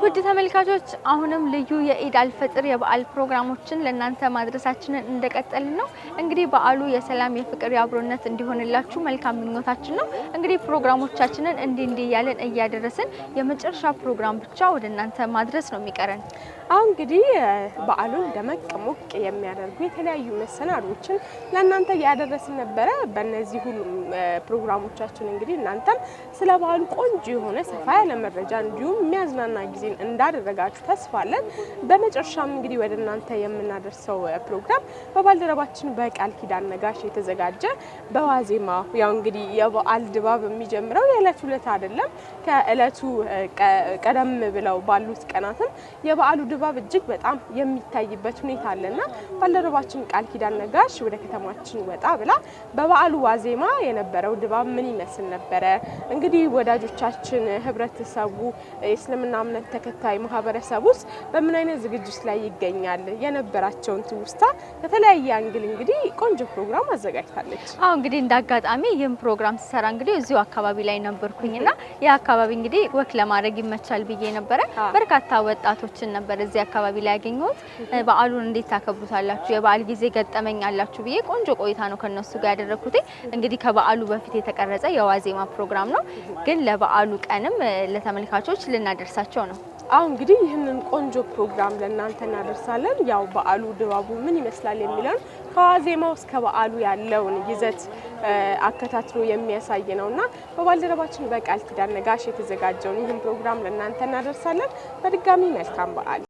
ውድ ተመልካቾች አሁንም ልዩ የኢድ አልፈጥር የበዓል ፕሮግራሞችን ለእናንተ ማድረሳችንን እንደቀጠልን ነው። እንግዲህ በዓሉ የሰላም የፍቅር፣ የአብሮነት እንዲሆንላችሁ መልካም ምኞታችን ነው። እንግዲህ ፕሮግራሞቻችንን እንዲህ እንዲህ እያለን እያደረስን የመጨረሻ ፕሮግራም ብቻ ወደ እናንተ ማድረስ ነው የሚቀረን። አሁን እንግዲህ በዓሉን ደመቅ ሞቅ የሚያደርጉ የተለያዩ መሰናዶችን ለእናንተ እያደረስን ነበረ። በእነዚህ ሁሉም ፕሮግራሞቻችን እንግዲህ እናንተም ስለ በዓሉ ቆንጆ የሆነ ሰፋ ያለ መረጃ እንዲሁም የሚያዝናና ጊዜ ማጋዚን እንዳደረጋችሁ ተስፋ አለን። በመጨረሻም እንግዲህ ወደ እናንተ የምናደርሰው ፕሮግራም በባልደረባችን በቃል ኪዳን ነጋሽ የተዘጋጀ በዋዜማ ያው እንግዲህ የበዓል ድባብ የሚጀምረው የዕለት ሁለት አይደለም፣ ከዕለቱ ቀደም ብለው ባሉት ቀናትም የበዓሉ ድባብ እጅግ በጣም የሚታይበት ሁኔታ አለና ባልደረባችን ቃል ኪዳን ነጋሽ ወደ ከተማችን ወጣ ብላ በበዓሉ ዋዜማ የነበረው ድባብ ምን ይመስል ነበረ? እንግዲህ ወዳጆቻችን ህብረተሰቡ የእስልምና እምነት ተከታይ ማህበረሰብ ውስጥ በምን አይነት ዝግጅት ላይ ይገኛል የነበራቸውን ትውስታ ከተለያየ አንግል እንግዲህ ቆንጆ ፕሮግራም አዘጋጅታለች። አሁ እንግዲህ እንደ አጋጣሚ ይህም ፕሮግራም ሲሰራ እንግዲህ እዚሁ አካባቢ ላይ ነበርኩኝና ይህ አካባቢ እንግዲህ ወክ ለማድረግ ይመቻል ብዬ ነበረ። በርካታ ወጣቶችን ነበር እዚህ አካባቢ ላይ ያገኘሁት። በዓሉን እንዴት ታከብሩታላችሁ? የበዓል ጊዜ ገጠመኝ አላችሁ ብዬ ቆንጆ ቆይታ ነው ከነሱ ጋር ያደረግኩት። እንግዲህ ከበዓሉ በፊት የተቀረጸ የዋዜማ ፕሮግራም ነው፣ ግን ለበዓሉ ቀንም ለተመልካቾች ልናደርሳቸው ነው። አሁን እንግዲህ ይህንን ቆንጆ ፕሮግራም ለእናንተ እናደርሳለን። ያው በዓሉ ድባቡ ምን ይመስላል የሚለውን ከዋዜማው እስከ በዓሉ ያለውን ይዘት አከታትሎ የሚያሳይ ነው እና በባልደረባችን በቃል ኪዳን ነጋሽ የተዘጋጀውን ይህን ፕሮግራም ለእናንተ እናደርሳለን። በድጋሚ መልካም በዓል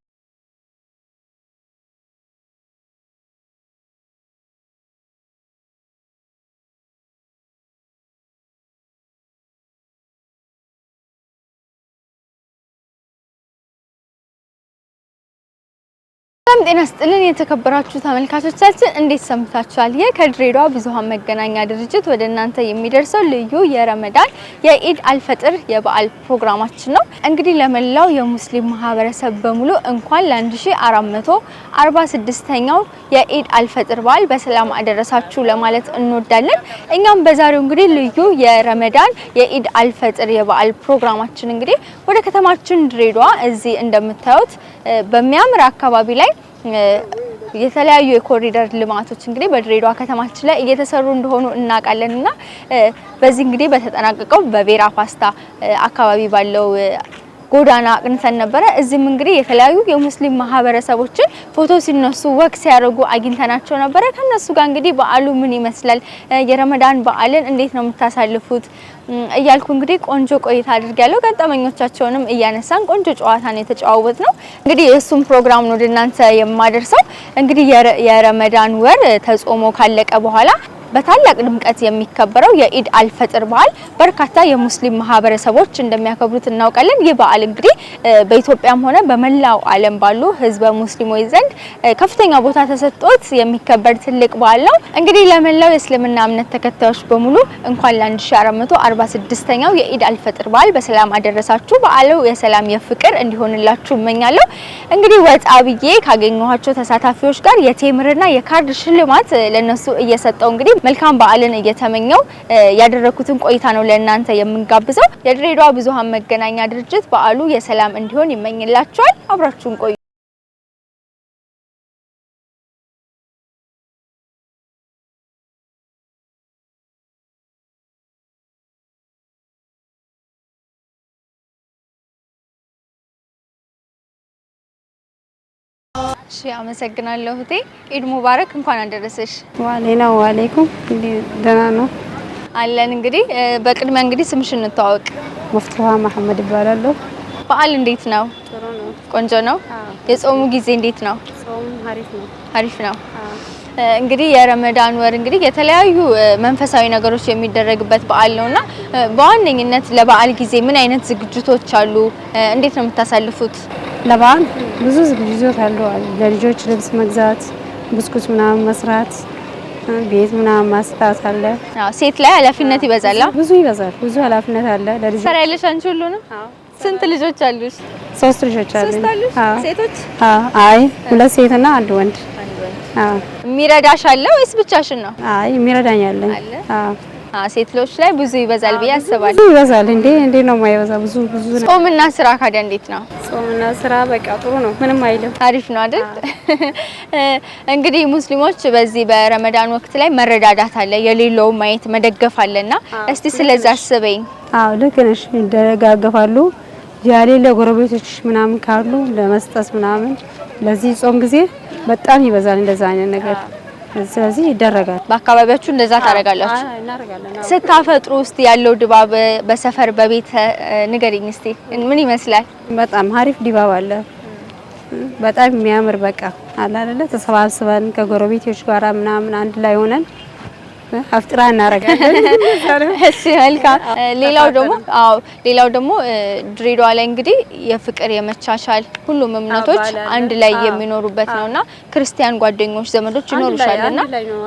ሰላም ጤና ስጥልን የተከበራችሁ ተመልካቾቻችን እንዴት ሰምታችኋል? ይህ ከድሬዳዋ ብዙሃን መገናኛ ድርጅት ወደ እናንተ የሚደርሰው ልዩ የረመዳን የኢድ አልፈጥር የበዓል ፕሮግራማችን ነው። እንግዲህ ለመላው የሙስሊም ማህበረሰብ በሙሉ እንኳን ለ1446ኛው የኢድ አልፈጥር በዓል በሰላም አደረሳችሁ ለማለት እንወዳለን። እኛም በዛሬው እንግዲህ ልዩ የረመዳን የኢድ አልፈጥር የበዓል ፕሮግራማችን እንግዲህ ወደ ከተማችን ድሬዳዋ እዚህ እንደምታዩት በሚያምር አካባቢ ላይ የተለያዩ የኮሪደር ልማቶች እንግዲህ በድሬዳዋ ከተማችን ላይ እየተሰሩ እንደሆኑ እናውቃለን እና በዚህ እንግዲህ በተጠናቀቀው በቬራ ፓስታ አካባቢ ባለው ጎዳና አቅንተን ነበረ። እዚህም እንግዲህ የተለያዩ የሙስሊም ማህበረሰቦችን ፎቶ ሲነሱ ወቅ ሲያደርጉ አግኝተናቸው ነበረ። ከነሱ ጋር እንግዲህ በዓሉ ምን ይመስላል፣ የረመዳን በዓልን እንዴት ነው የምታሳልፉት እያልኩ እንግዲህ ቆንጆ ቆይታ አድርጊያለሁ። ገጠመኞቻቸውንም እያነሳን ቆንጆ ጨዋታን የተጨዋወት ነው። እንግዲህ የእሱም ፕሮግራም ነው ወደ እናንተ የማደርሰው። እንግዲህ የረመዳን ወር ተጾሞ ካለቀ በኋላ በታላቅ ድምቀት የሚከበረው የኢድ አልፈጥር በዓል በርካታ የሙስሊም ማህበረሰቦች እንደሚያከብሩት እናውቃለን። ይህ በዓል እንግዲህ በኢትዮጵያም ሆነ በመላው ዓለም ባሉ ህዝበ ሙስሊሞች ዘንድ ከፍተኛ ቦታ ተሰጥቶት የሚከበር ትልቅ በዓል ነው። እንግዲህ ለመላው የእስልምና እምነት ተከታዮች በሙሉ እንኳን ለ1446ኛው የኢድ አልፈጥር በዓል በሰላም አደረሳችሁ። በዓሉ የሰላም የፍቅር እንዲሆንላችሁ እመኛለሁ። እንግዲህ ወጣ ብዬ ካገኘኋቸው ተሳታፊዎች ጋር የቴምርና የካርድ ሽልማት ለነሱ እየሰጠው እንግዲህ መልካም በዓልን እየተመኘው ያደረኩትን ቆይታ ነው ለእናንተ የምንጋብዘው። የድሬዳዋ ብዙሃን መገናኛ ድርጅት በዓሉ የሰላም እንዲሆን ይመኝላችኋል። አብራችሁን ቆዩ። እሺ አመሰግናለሁ እህቴ። ኢድ ሙባረክ፣ እንኳን አደረሰሽ። ዋሌና ዋሌኩም ደህና ነው አለን። እንግዲህ በቅድሚያ እንግዲህ ስምሽን እንተዋወቅ። ሙፍቲዋ መሐመድ እባላለሁ። በዓል እንዴት ነው? ጥሩ ነው። ቆንጆ ነው። የጾሙ ጊዜ እንዴት ነው? ጾሙ አሪፍ ነው። አሪፍ ነው። እንግዲህ የረመዳን ወር እንግዲህ የተለያዩ መንፈሳዊ ነገሮች የሚደረግበት በዓል ነውና በዋነኝነት ለበዓል ጊዜ ምን አይነት ዝግጅቶች አሉ? እንዴት ነው የምታሳልፉት? ለበዓል ብዙ ዝግጅቶች አሉ። ለልጆች ልብስ መግዛት፣ ብስኩት ምናምን መስራት፣ ቤት ምናምን ማስጣት አለ። ሴት ላይ ኃላፊነት ይበዛል። ብዙ ይበዛል። ብዙ ኃላፊነት አለ። ለልጆች ሰራ ያለሽ አንቺ ሁሉ ነው። ስንት ልጆች አሉሽ? ሶስት ልጆች አሉ። ሴቶች? አይ ሁለት ሴትና አንድ ወንድ። የሚረዳሽ አለ ወይስ ብቻሽን ነው? አይ የሚረዳኝ አለኝ። ሴት ልጆች ላይ ብዙ ይበዛል ብዬ አስባለሁ። ብዙ ይበዛል እንዴ! እንዴ ነው የማይበዛ? ብዙ ብዙ ነው። ጾምና ስራ ካዲያ እንዴት ነው? ጾምና ስራ በቃ ጥሩ ነው፣ ምንም አይልም። አሪፍ ነው አይደል? እንግዲህ ሙስሊሞች በዚህ በረመዳን ወቅት ላይ መረዳዳት አለ፣ የሌለው ማየት መደገፍ አለና እስቲ ስለዛ አስበኝ። አዎ ልክ ነሽ፣ ይደጋገፋሉ። ያሌ ጎረቤቶች ምናምን ካሉ ለመስጠት ምናምን፣ ለዚህ ጾም ጊዜ በጣም ይበዛል እንደዛ አይነት ነገር ስለዚህ ይደረጋል። በአካባቢያችሁ እንደዛ ታደርጋላችሁ? ስታፈጥሩ ውስጥ ያለው ድባብ በሰፈር በቤት ንገሪኝ እስቲ ምን ይመስላል? በጣም አሪፍ ድባብ አለ። በጣም የሚያምር በቃ አላለለ ተሰባስበን ከጎረቤቶች ጋራ ምናምን አንድ ላይ ሆነን አፍጥራ እናደርጋለን። እሺ መልካም። ሌላው ደግሞ አዎ፣ ሌላው ደግሞ ድሬዳዋ ላይ እንግዲህ የፍቅር የመቻቻል ሁሉም እምነቶች አንድ ላይ የሚኖሩበት ነውና ክርስቲያን ጓደኞች ዘመዶች ይኖሩሻልና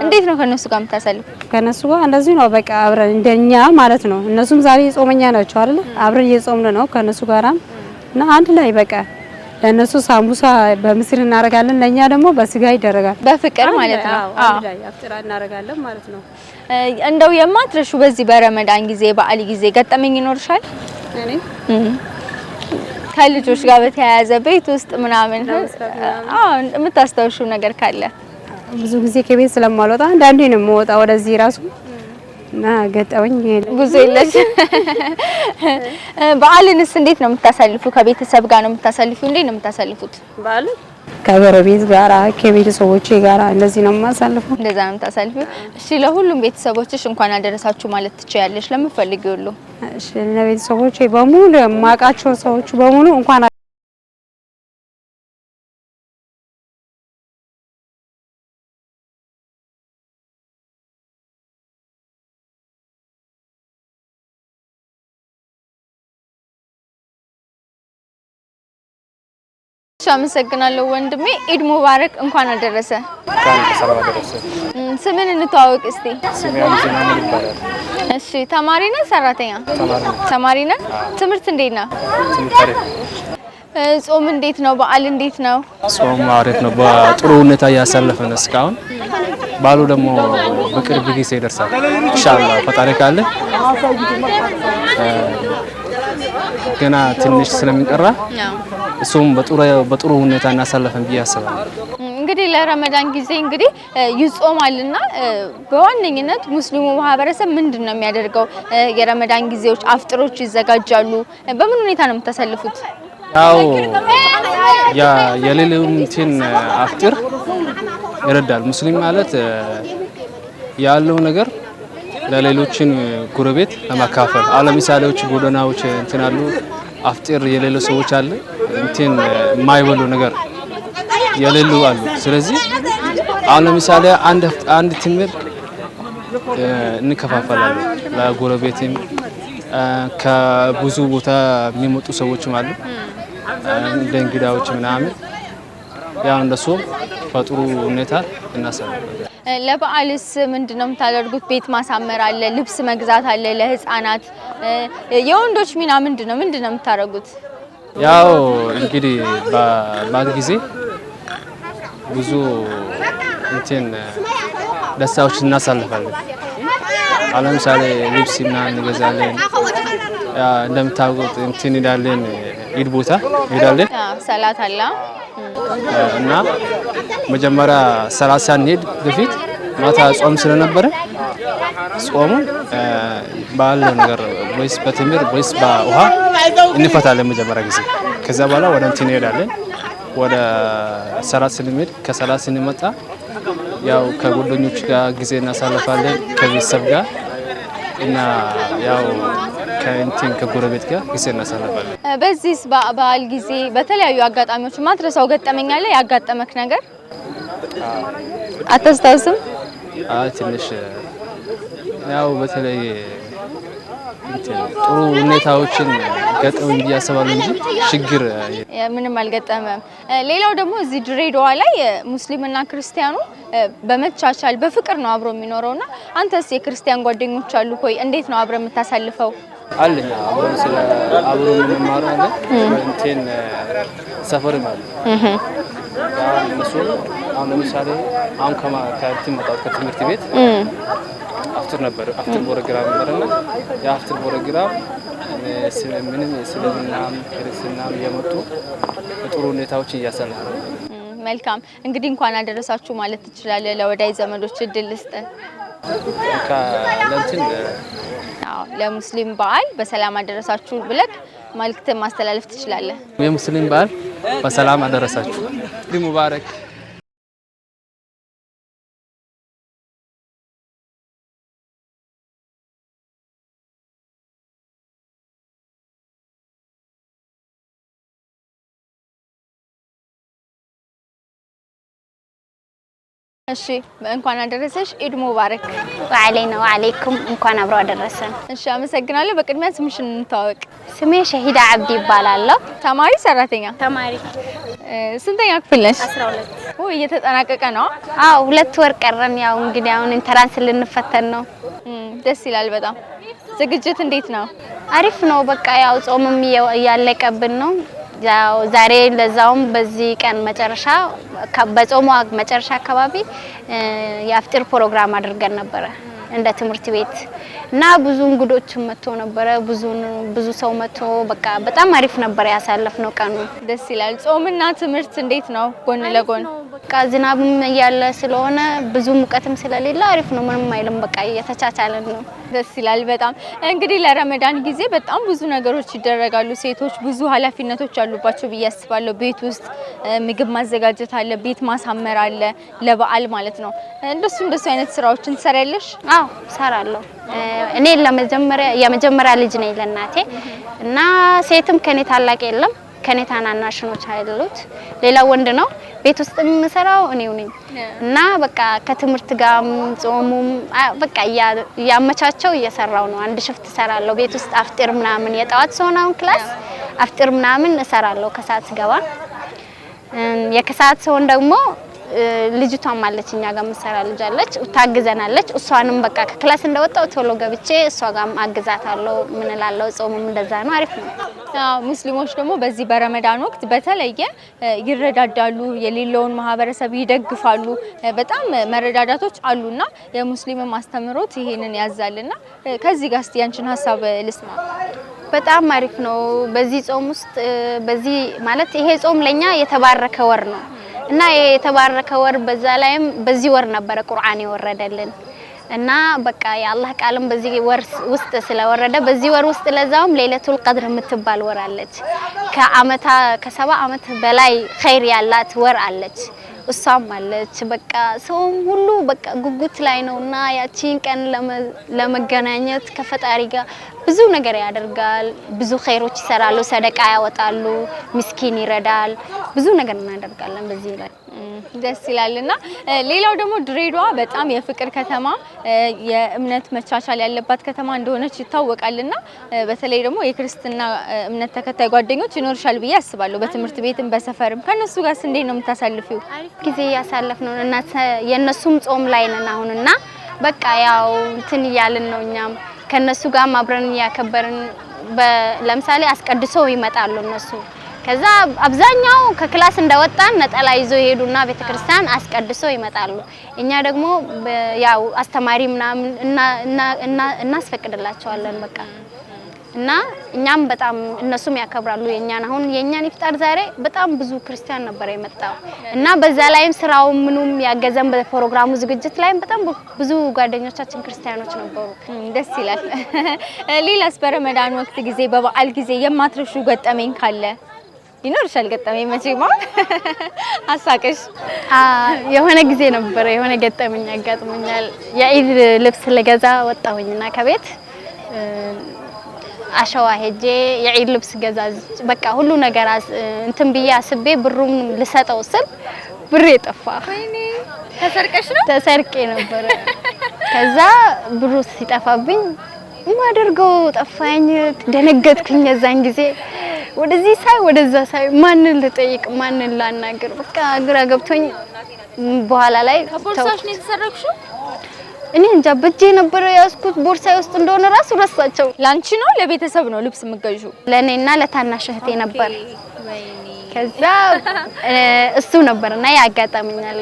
እንዴት ነው ከነሱ ጋር የምታሳልፍ? ከነሱ ጋር እንደዚህ ነው በቃ አብረን እንደኛ ማለት ነው። እነሱም ዛሬ ጾመኛ ናቸው አይደል? አብረን እየጾምን ነው ከነሱ ጋራም እና አንድ ላይ በቃ ለእነሱ ሳምቡሳ በምስር እናደርጋለን፣ ለእኛ ደግሞ በስጋ ይደረጋል። በፍቅር ማለት ነው። አፍጥራ እናደርጋለን ማለት ነው። እንደው የማትረሹ በዚህ በረመዳን ጊዜ በዓል ጊዜ ገጠመኝ ይኖርሻል? እኔ ከልጆች ጋር በተያያዘ ቤት ውስጥ ምናምን የምታስታውሹ ነገር ካለ? ብዙ ጊዜ ከቤት ስለማልወጣ አንዳንዴ ነው የምወጣ ወደዚህ ራሱ እና ገጠውኝ ጉዞ የለሽ። በዓልንስ እንዴት ነው የምታሳልፉ? ከቤተሰብ ጋር ነው የምታሳልፉ? እንዴት ነው የምታሳልፉት በዓልን? ከጎረቤት ከቤተሰቦቼ እንደዚህ ነው የማሳልፈው። እንደዛ ነው የምታሳልፊው? እሺ፣ ለሁሉም ቤተሰቦችሽ እንኳን አደረሳችሁ ማለት ትችያለሽ። ለምፈልግ እሺ፣ ለቤተሰቦቼ በሙሉ የማውቃቸው ሰዎች በሙሉ እንኳን አመሰግናለሁ ወንድሜ። ኢድ ሙባረክ። እንኳን አደረሰ። ስምን እንተዋወቅ እስቲ። እሺ፣ ተማሪ ነህ? ሰራተኛ? ተማሪ ነህ? ትምህርት እንዴት ነው? ጾም እንዴት ነው? በዓል እንዴት ነው? ጾም አሪፍ ነው። በጥሩ ሁኔታ እያሳለፈ እስካሁን። በዓሉ ደግሞ በቅርብ ጊዜ ይደርሳል ኢንሻአላህ ፈጣሪ ካለ ገና ትንሽ ስለሚቀራ እሱም በጥሩ ሁኔታ እናሳለፈን ብዬ አስባለሁ። እንግዲህ ለረመዳን ጊዜ እንግዲህ ይጾማልና በዋነኝነት ሙስሊሙ ማህበረሰብ ምንድን ነው የሚያደርገው? የረመዳን ጊዜዎች አፍጥሮች ይዘጋጃሉ። በምን ሁኔታ ነው የምታሳልፉት? ያው የሌሊቱን አፍጥር ይረዳል። ሙስሊም ማለት ያለው ነገር ለሌሎችን ጉረቤት ለማካፈል አለምሳሌዎች ጎደናዎች እንትናሉ አፍጢር የሌለ ሰዎች አለ እንትን የማይበሉ ነገር የሌሉ አሉ። ስለዚህ አሁን ለምሳሌ አንድ አንድ ትምህር እንከፋፈላለን ለጎረቤትም ከብዙ ቦታ የሚመጡ ሰዎችም አሉ እንደ እንግዳዎች ምናምን ያው እንደሱ በጥሩ ሁኔታ እናሳልፋለን። ለበዓልስ ምንድነው የምታደርጉት? ቤት ማሳመር አለ፣ ልብስ መግዛት አለ ለህፃናት። የወንዶች ሚና ምንድነው ምንድነው የምታደርጉት? ያው እንግዲህ በዓል ጊዜ ብዙ እንትን ደስታዎች እናሳልፋለን። ለምሳሌ ልብስ ምናምን እንገዛለን። እንደምታውቁት እንትን ሄዳለን፣ ኢድ ቦታ ሄዳለን። ሰላት አላ እና መጀመሪያ ሰላሳ እንሄድ በፊት ማታ ጾም ስለነበረ ጾሙ ባለው ነገር ወይስ በትምህር ወይስ በውሃ እንፈታለን መጀመሪያ ጊዜ። ከዛ በኋላ ወደ እንትን እንሄዳለን። ወደ ሰላት ስንሄድ ከሰላት ስንመጣ ያው ከጓደኞች ጋር ጊዜ እናሳልፋለን ከቤተሰብ ጋር እና ያው ከእንትን ከጎረቤት ጋር ጊዜ እናሳልፋለን። በዚህ በዓል ጊዜ በተለያዩ አጋጣሚዎች ማትረሳው ገጠመኝ አለ? ያጋጠመክ ነገር አታስታውስም? ትንሽ ያው በተለይ ጥሩ ሁኔታዎችን ገጠው እንጂ ያሰባሉ እንጂ ችግር ምንም አልገጠመም። ሌላው ደግሞ እዚህ ድሬዳዋ ላይ ሙስሊምና ክርስቲያኑ በመቻቻል በፍቅር ነው አብሮ የሚኖረው እና አንተስ የክርስቲያን ጓደኞች አሉ ወይ? እንዴት ነው አብረ የምታሳልፈው? አለኝ አብሮ ስለ አብሮ አለ እንትን እነሱ አሁን ለምሳሌ አሁን ከትምህርት ቤት አፍትር ነበር አፍትር ፕሮግራም ነበርና የአፍትር ፕሮግራም ምንም እስልምናም ክርስትናም የመጡ ጥሩ ሁኔታዎችን እያሰናል። መልካም እንግዲህ እንኳን አደረሳችሁ ማለት ትችላለህ። ለወዳጅ ዘመዶች እድል ስጠ ለእንትን ለሙስሊም በዓል በሰላም አደረሳችሁ ብለህ መልእክትን ማስተላለፍ ትችላለህ። የሙስሊም በዓል በሰላም አደረሳችሁ ሙባረክ እሺ እንኳን አደረሰሽ። ኢድ ሙባረክ። ነው ወአለይኩም እንኳን አብሮ አደረሰን። እሺ አመሰግናለሁ። በቅድሚያ ስምሽን እንታወቅ። ስሜ ሸሂዳ አብዲ ይባላለሁ። ተማሪ ሰራተኛ? ተማሪ። ስንተኛ ክፍል ነሽ? 12 ወይ እየተጠናቀቀ ነው? አዎ ሁለት ወር ቀረን። ያው እንግዲህ አሁን ኢንተራንስ ልንፈተን ነው። ደስ ይላል በጣም። ዝግጅት እንዴት ነው? አሪፍ ነው። በቃ ያው ጾምም እያለቀብን ነው ያው ዛሬ ለዛውም በዚህ ቀን መጨረሻ በጾሙ መጨረሻ አካባቢ የአፍጢር ፕሮግራም አድርገን ነበረ እንደ ትምህርት ቤት እና ብዙ እንግዶችም መጥተው ነበረ። ብዙ ብዙ ሰው መጥቶ በቃ በጣም አሪፍ ነበረ ያሳለፍነው ቀኑ። ደስ ይላል። ጾምና ትምህርት እንዴት ነው ጎን ለጎን? በቃ ዝናብም እያለ ስለሆነ ብዙ ሙቀትም ስለሌለ አሪፍ ነው። ምንም አይልም። በቃ እየተቻቻለን ነው። ደስ ይላል በጣም እንግዲህ ለረመዳን ጊዜ በጣም ብዙ ነገሮች ይደረጋሉ። ሴቶች ብዙ ኃላፊነቶች አሉባቸው ብዬ አስባለሁ። ቤት ውስጥ ምግብ ማዘጋጀት አለ፣ ቤት ማሳመር አለ፣ ለበዓል ማለት ነው። እንደሱ እንደሱ አይነት ስራዎችን ትሰሪያለሽ? አዎ እሰራለሁ። እኔ ለመጀመሪያ የመጀመሪያ ልጅ ነኝ ለእናቴ እና ሴትም ከኔ ታላቅ የለም። ከኔ ታናናሽኖች አይደሉት ሌላ ወንድ ነው። ቤት ውስጥ የምሰራው እኔው ነኝ እና በቃ ከትምህርት ጋርም ጾሙም በቃ እያመቻቸው እየሰራው ነው። አንድ ሽፍት እሰራለሁ ቤት ውስጥ አፍጢር ምናምን የጠዋት ሰሆናውን ክላስ አፍጢር ምናምን እሰራለሁ ከሰዓት ስገባ የከሰዓት ሰሆን ደግሞ ልጅቷ ማለት እኛ ጋር የምትሰራ ልጅ አለች፣ ታግዘናለች። እሷንም በቃ ከክላስ እንደወጣው ቶሎ ገብቼ እሷ ጋር አግዛታለሁ። ምን እላለሁ? ጾሙም እንደዛ ነው፣ አሪፍ ነው። ሙስሊሞች ደግሞ በዚህ በረመዳን ወቅት በተለየ ይረዳዳሉ፣ የሌለውን ማህበረሰብ ይደግፋሉ። በጣም መረዳዳቶች አሉና የሙስሊም አስተምሮት ይሄንን ያዛልና ከዚህ ጋር እስቲ ያንቺን ሀሳብ ልስማ። በጣም አሪፍ ነው። በዚህ ጾም ውስጥ በዚህ ማለት ይሄ ጾም ለኛ የተባረከ ወር ነው እና የተባረከ ወር በዛ ላይም በዚህ ወር ነበረ ቁርአን የወረደልን እና በቃ የአላህ ቃልም በዚህ ወር ውስጥ ስለወረደ በዚህ ወር ውስጥ ለዛውም ሌለቱል ቀድር የምትባል ወር አለች። ከአመታ ከሰባ አመት በላይ ኸይር ያላት ወር አለች። እሷም አለች በቃ ሰውም ሁሉ በቃ ጉጉት ላይ ነውና ያቺን ቀን ለመገናኘት ከፈጣሪ ጋር ብዙ ነገር ያደርጋል። ብዙ ኸይሮች ይሰራሉ፣ ሰደቃ ያወጣሉ፣ ምስኪን ይረዳል። ብዙ ነገር እናደርጋለን። በዚህ ላይ ደስ ይላልና ሌላው ደግሞ ድሬዳዋ በጣም የፍቅር ከተማ፣ የእምነት መቻቻል ያለባት ከተማ እንደሆነች ይታወቃልና በተለይ ደግሞ የክርስትና እምነት ተከታይ ጓደኞች ይኖርሻል ብዬ አስባለሁ። በትምህርት ቤትም በሰፈርም ከእነሱ ጋር እንዴት ነው የምታሳልፊው ጊዜ? እያሳለፍ ነው እና የእነሱም ጾም ላይ ነን አሁን እና በቃ ያው እንትን እያልን ነው እኛም ከነሱ ጋር አብረን እያከበርን ለምሳሌ አስቀድሰው ይመጣሉ እነሱ። ከዛ አብዛኛው ከክላስ እንደወጣን ነጠላ ይዞ ይሄዱና ቤተክርስቲያን አስቀድሰው ይመጣሉ። እኛ ደግሞ ያው አስተማሪ ምናምን እናስፈቅድላቸዋለን በቃ እና እኛም በጣም እነሱም ያከብራሉ የኛን። አሁን የኛን ኢፍጣር ዛሬ በጣም ብዙ ክርስቲያን ነበር የመጣው እና በዛ ላይም ስራው ምኑም ያገዘን በፕሮግራሙ ዝግጅት ላይም በጣም ብዙ ጓደኞቻችን ክርስቲያኖች ነበሩ። ደስ ይላል። ሌላስ በረመዳን ወቅት ጊዜ በበዓል ጊዜ የማትረሹ ገጠመኝ ካለ ይኖርሻል? ገጠመኝ መቼማ አሳቀሽ። የሆነ ጊዜ ነበረ የሆነ ገጠመኝ ያጋጥመኛል የኢድ ልብስ ለገዛ ወጣሁኝና ከቤት አሸዋ ሄጄ የዒድ ልብስ ገዛዝች በቃ ሁሉ ነገር እንትን ብዬ አስቤ ብሩም ልሰጠው ስል ብሬ ጠፋ። ተሰርቀሽ ነው? ተሰርቄ ነበረ። ከዛ ብሩ ሲጠፋብኝ የማደርገው ጠፋኝ። ደነገጥኩኝ። የዛን ጊዜ ወደዚህ ሳይ ወደዛ ሳይ ማንን ልጠይቅ ማንን ላናግር፣ በቃ ግራ ገብቶኝ በኋላ ላይ ቦርሳሽ ነው የተሰረቅሽው? እኔ እንጃ በእጄ የነበረው የያዝኩት ቦርሳ ውስጥ እንደሆነ ራሱ ረሳቸው። ላንቺ ነው ለቤተሰብ ነው ልብስ የምገዡ? ለእኔና ለታናሽ እህቴ ነበር። ከዛ እሱ ነበርና እና ያጋጠመኛል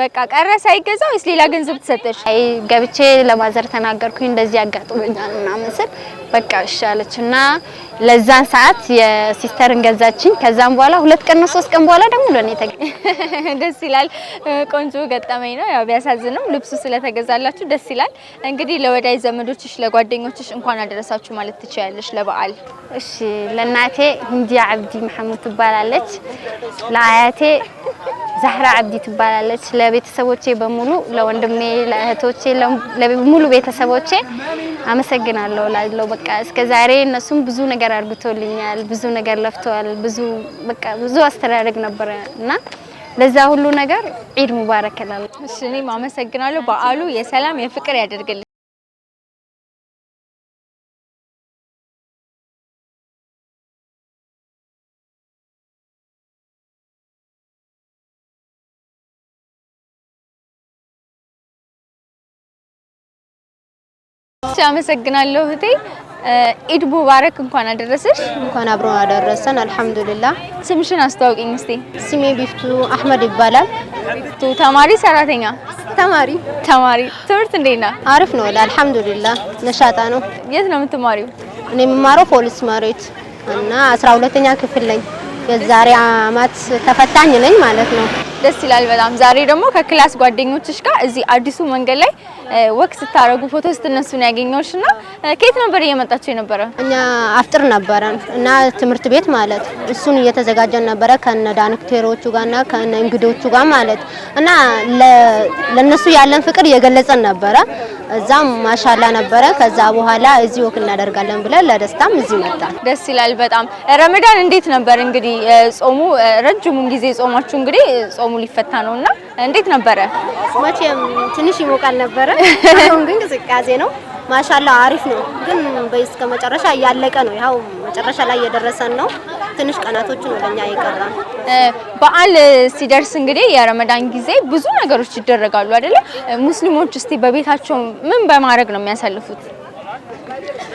በቃ ቀረ ሳይገዛ ወይስ ሌላ ገንዘብ ተሰጠሽ? አይ ገብቼ ለማዘር ተናገርኩኝ እንደዚህ ያጋጥመኛል ምናምን ስል በቃ እሺ አለች እና ለዛን ሰዓት የሲስተርን ገዛችኝ። ከዛም በኋላ ሁለት ቀን ነው ሶስት ቀን በኋላ ደግሞ ለኔ ተገኘ። ደስ ይላል። ቆንጆ ገጠመኝ ነው። ያው ቢያሳዝንም ልብሱ ስለተገዛላችሁ ደስ ይላል። እንግዲህ ለወዳጅ ዘመዶችሽ፣ ለጓደኞችሽ እንኳን አደረሳችሁ ማለት ትችያለሽ ለበዓል። እሺ ለእናቴ ህንዲያ አብዲ መሐመድ ትባላለች። ለአያቴ ዛህራ አብዲ ትባላለች። ለቤተሰቦቼ በሙሉ ለወንድሜ፣ ለእህቶቼ፣ ለሙሉ ቤተሰቦቼ አመሰግናለሁ ላለው በቃ እስከ ዛሬ እነሱም ብዙ ነገር አድርግቶልኛል። ብዙ ነገር ለፍተዋል። ብዙ በቃ ብዙ አስተዳደግ ነበረ እና ለዛ ሁሉ ነገር ዒድ ሙባረክ እላለሁ። እሺ እኔም አመሰግናለሁ። በዓሉ የሰላም የፍቅር ያደርግልኝ። አመሰግናለሁ እህቴ። ኢድ ሙባረክ፣ እንኳን አደረሰሽ። እንኳን አብሮ አደረሰን። አልሐምዱሊላህ። ስምሽን አስተዋውቅኝ እስቲ። ስሜ ቢፍቱ አህመድ ይባላል። ቢፍቱ ተማሪ ሰራተኛ? ተማሪ ተማሪ። ትምህርት እንዴት ነው? አሪፍ ነው አልሐምዱሊላህ። ነሻጣ ነው። የት ነው የምትማሪው? እኔ የምማረው ፖሊስ መሬት እና አስራ ሁለተኛ ክፍል ነኝ። የዛሬ አመት ተፈታኝ ነኝ ማለት ነው። ደስ ይላል በጣም። ዛሬ ደግሞ ከክላስ ጓደኞችሽ ጋር እዚህ አዲሱ መንገድ ላይ ወክ ስታረጉ ፎቶ ስትነሱ ነው ያገኘሁሽ እና ከየት ነበር እየመጣችሁ የነበረ? እኛ አፍጥር ነበረን እና ትምህርት ቤት ማለት እሱን እየተዘጋጀን ነበረ ከነ ዳንክቴሮቹ ጋርና ከነ እንግዶቹ ጋር ማለት እና ለነሱ ያለን ፍቅር እየገለጸን ነበረ። እዛም ማሻላ ነበረ። ከዛ በኋላ እዚህ ወክ እናደርጋለን ብለን ለደስታም እዚህ መጣን። ደስ ይላል በጣም። ረመዳን እንዴት ነበር እንግዲህ ጾሙ? ረጅሙን ጊዜ ጾማችሁ እንግዲህ ጾሙ በሙ ሊፈታ ነው እና እንዴት ነበረ? መቼም ትንሽ ይሞቃል ነበረ። አሁን ግን ቅዝቃዜ ነው። ማሻላ አሪፍ ነው፣ ግን በይስ ከመጨረሻ እያለቀ ነው። ያው መጨረሻ ላይ እየደረሰን ነው። ትንሽ ቀናቶችን ወደኛ ይቀራል። በዓል ሲደርስ እንግዲህ የረመዳን ጊዜ ብዙ ነገሮች ይደረጋሉ አይደለ? ሙስሊሞች እስቲ በቤታቸው ምን በማድረግ ነው የሚያሳልፉት?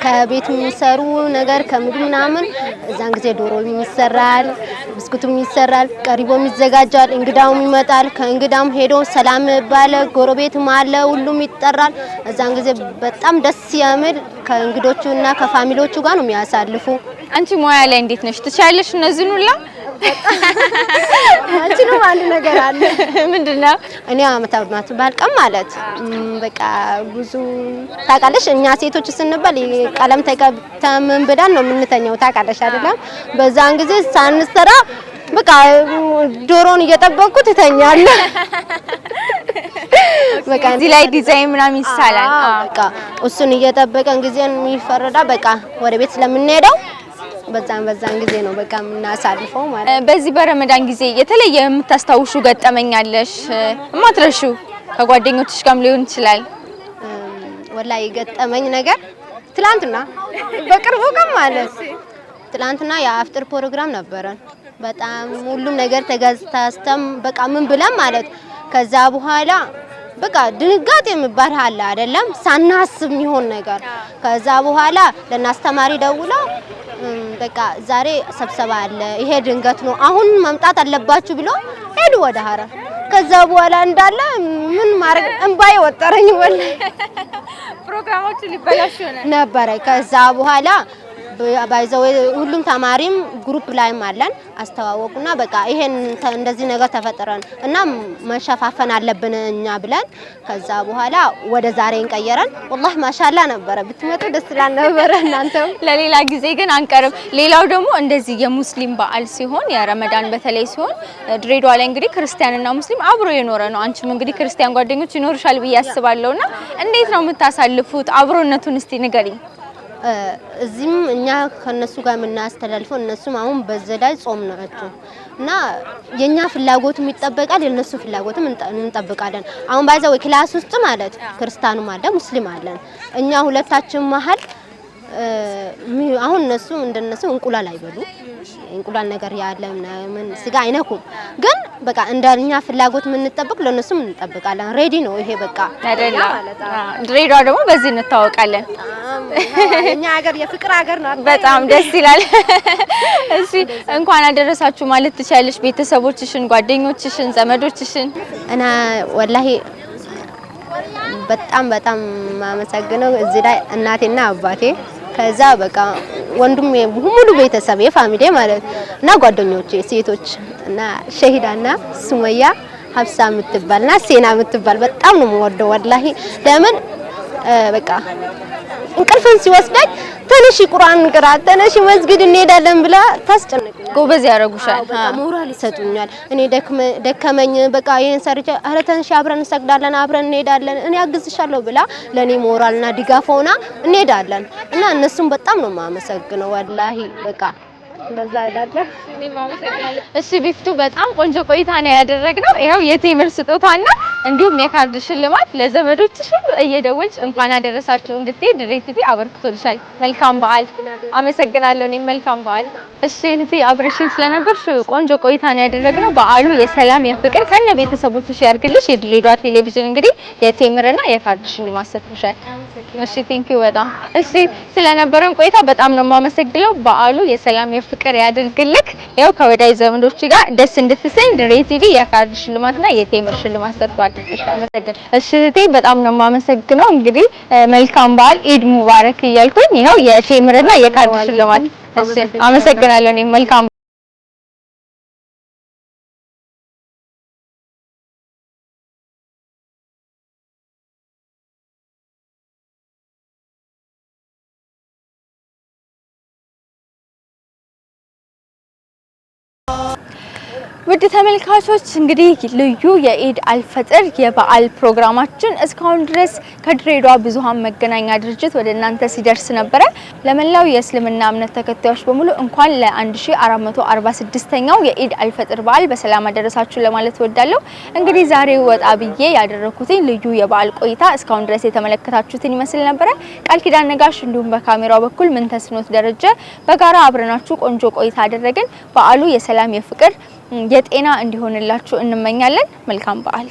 ከቤት የሚሰሩ ነገር ከምግብ ምናምን እዛን ጊዜ ዶሮም ይሰራል፣ ብስኩትም ይሰራል፣ ቀሪቦም ይዘጋጃል፣ እንግዳውም ይመጣል። ከእንግዳም ሄዶ ሰላም ባለ ጎረቤትም አለ፣ ሁሉም ይጠራል። እዛን ጊዜ በጣም ደስ የሚል ከእንግዶቹ እና ከፋሚሊዎቹ ጋር ነው የሚያሳልፉ። አንቺ ሙያ ላይ እንዴት ነሽ? ትችያለሽ እነዚህን ሁላ አንቺንም አንድ ነገር አለ። ምንድን ነው? እኔ አመት አመት ባልቀም ማለት በቃ ብዙ ታውቃለሽ፣ እኛ ሴቶች ስንባል ቀለም ተቀብተምን ብለን ነው የምንተኛው። ታውቃለሽ አይደለም? በዛን ጊዜ ሳንሰራ በቃ ዶሮን እየጠበቅኩት እተኛለሁ። በቃ እዚህ ላይ ዲዛይን ምናምን ይሳላል። በቃ እሱን እየጠበቀን ጊዜን ይፈረዳ። በቃ ወደ ቤት ስለምንሄደው በዛን በዛን ጊዜ ነው በቃ የምናሳልፈው ማለት ነው። በዚህ በረመዳን ጊዜ የተለየ የምታስታውሹ ገጠመኛለሽ እማትረሹ ከጓደኞችሽ ጋርም ሊሆን ይችላል? ወላይ ገጠመኝ ነገር ትላንትና በቅርቡ ቀን ማለት ትላንትና የአፍጥር ፕሮግራም ነበረን። በጣም ሁሉም ነገር ተጋዝታስተም በቃ ምን ብለን ማለት ከዛ በኋላ በቃ ድንጋጤ የሚባል አለ አይደለም፣ ሳናስብ የሚሆን ነገር ከዛ በኋላ ለእናስተማሪ ደውለው በቃ ዛሬ ስብሰባ አለ፣ ይሄ ድንገት ነው፣ አሁን መምጣት አለባችሁ ብሎ ሄዱ ወደ ሀረር። ከዛ በኋላ እንዳለ ምን ማድረግ እንባዬ ወጠረኝ ወላሂ። ፕሮግራሞቹ ሊበላሽ ሆነ ነበረ። ከዛ በኋላ ባይዘው ሁሉም ተማሪም ግሩፕ ላይም አለን አስተዋወቁና በቃ ይሄን እንደዚህ ነገር ተፈጠረን እና መሸፋፈን አለብን እኛ ብለን ከዛ በኋላ ወደ ዛሬ እንቀየረን። ወላሂ ማሻላ ነበረ። ብትመጡ ደስ ይላል ነበረ። እናንተም ለሌላ ጊዜ ግን አንቀርም። ሌላው ደግሞ እንደዚህ የሙስሊም በዓል ሲሆን የረመዳን በተለይ ሲሆን ድሬዳዋ ላይ እንግዲህ ክርስቲያንና ሙስሊም አብሮ የኖረ ነው። አንቺም እንግዲህ ክርስቲያን ጓደኞች ይኖርሻል ብዬ አስባለሁና እንዴት ነው የምታሳልፉት? አብሮነቱን እስቲ ንገሪኝ። እዚህም እኛ ከነሱ ጋር የምናስተላልፈው እነሱም አሁን በዘዳይ ጾም ናቸው እና የኛ ፍላጎትም ይጠበቃል፣ የነሱ ፍላጎትም እንጠብቃለን። አሁን ባይዛ ወይ ክላስ ውስጥ ማለት ክርስቲያኑም አለ ሙስሊም አለን እኛ ሁለታችን መሀል አሁን እነሱ እንደነሱ እንቁላል አይበሉ እንቁላል ነገር ያለ ምናምን ስጋ አይነኩም። ግን በቃ እንደኛ ፍላጎት የምንጠብቅ ለእነሱም እንጠብቃለን። ሬዲ ነው ይሄ በቃ አይደለ? ድሬዳዋ ደግሞ በዚህ እንታወቃለን። እኛ ሀገር የፍቅር ሀገር ናት። በጣም ደስ ይላል። እሺ እንኳን አደረሳችሁ ማለት ትችያለሽ። ቤተሰቦችሽን፣ ጓደኞችሽን፣ ዘመዶችሽን እና ወላሂ በጣም በጣም ማመሰግነው እዚህ ላይ እናቴና አባቴ ከዛ በቃ ወንዱም ሙሉ ቤተሰብ የፋሚሊ ማለት እና ጓደኞቼ ሴቶች እና ሸሂዳና ሱመያ ሀብሳ ምትባልና ሴና የምትባል በጣም ነው የምወደው። ወላሂ ለምን በቃ እንቅልፍን ሲወስዳኝ ተነሺ ቁርአን እንቅራ፣ ተነሺ መስጊድ እንሄዳለን ብላ ታስጨንቅ ጎበዝ ያደርጉሻል፣ ሞራል ይሰጡኛል። እኔ ደከመኝ በቃ ይሄን ሰርቼ፣ ኧረ ተነሺ አብረን እንሰግዳለን፣ አብረን እንሄዳለን፣ እኔ አግዝሻለሁ ብላ ለኔ ሞራልና ድጋፍ ሆና እንሄዳለን እና እነሱም በጣም ነው የማመሰግነው ወላሂ በቃ እሺ ቢፍቱ በጣም ቆንጆ ቆይታ ነው ያደረግነው። ይኸው የቴምር ስጦታና እንዲሁም የካርድ ሽልማት ለዘመዶችሽ እየደወልሽ እንኳን አደረሳችሁ እንድትይ ድሬቲቪ አበርክቶልሻል። መልካም በዓል። አመሰግናለሁ። እኔም መልካም በዓል። እሺ እንት አብረሽን ስለነበርሽ ቆንጆ ቆይታ ነው ያደረግነው። በዓሉ የሰላም የፍቅር ከነ ቤተሰቦችሽ ያርግልሽ። የድሬዳዋ ቴሌቪዥን እንግዲህ የቴምርና የካርድ ሽልማት ሰጥቶሻል። እሺ ቴንኪው በጣም እሺ ስለነበረን ቆይታ በጣም ነው የማመሰግነው። በዓሉ የሰላም የፍቅር ፍቅር ያድርግልክ። ያው ከወዳጅ ዘመዶች ጋር ደስ እንድትሰኝ ድሬ ቲቪ የካርድ ሽልማትና የቴምር ሽልማት ሰጥቷል። እሺ እህቴ በጣም ነው የማመሰግነው። እንግዲህ መልካም በዓል ኢድ ሙባረክ እያልኩኝ ይኸው የቴምርና የካርድ ሽልማት አመሰግናለሁ። እኔም መልካም ውድ ተመልካቾች እንግዲህ ልዩ የኢድ አልፈጥር የበዓል ፕሮግራማችን እስካሁን ድረስ ከድሬዳዋ ብዙሃን መገናኛ ድርጅት ወደ እናንተ ሲደርስ ነበረ። ለመላው የእስልምና እምነት ተከታዮች በሙሉ እንኳን ለ1446ኛው የኢድ አልፈጥር በዓል በሰላም አደረሳችሁ ለማለት እወዳለሁ። እንግዲህ ዛሬ ወጣ ብዬ ያደረኩትኝ ልዩ የበዓል ቆይታ እስካሁን ድረስ የተመለከታችሁትን ይመስል ነበረ። ቃል ኪዳን ነጋሽ እንዲሁም በካሜራው በኩል ምንተስኖት ደረጀ በጋራ አብረናችሁ ቆንጆ ቆይታ አደረግን። በዓሉ የሰላም የፍቅር የጤና እንዲሆንላችሁ እንመኛለን። መልካም በዓል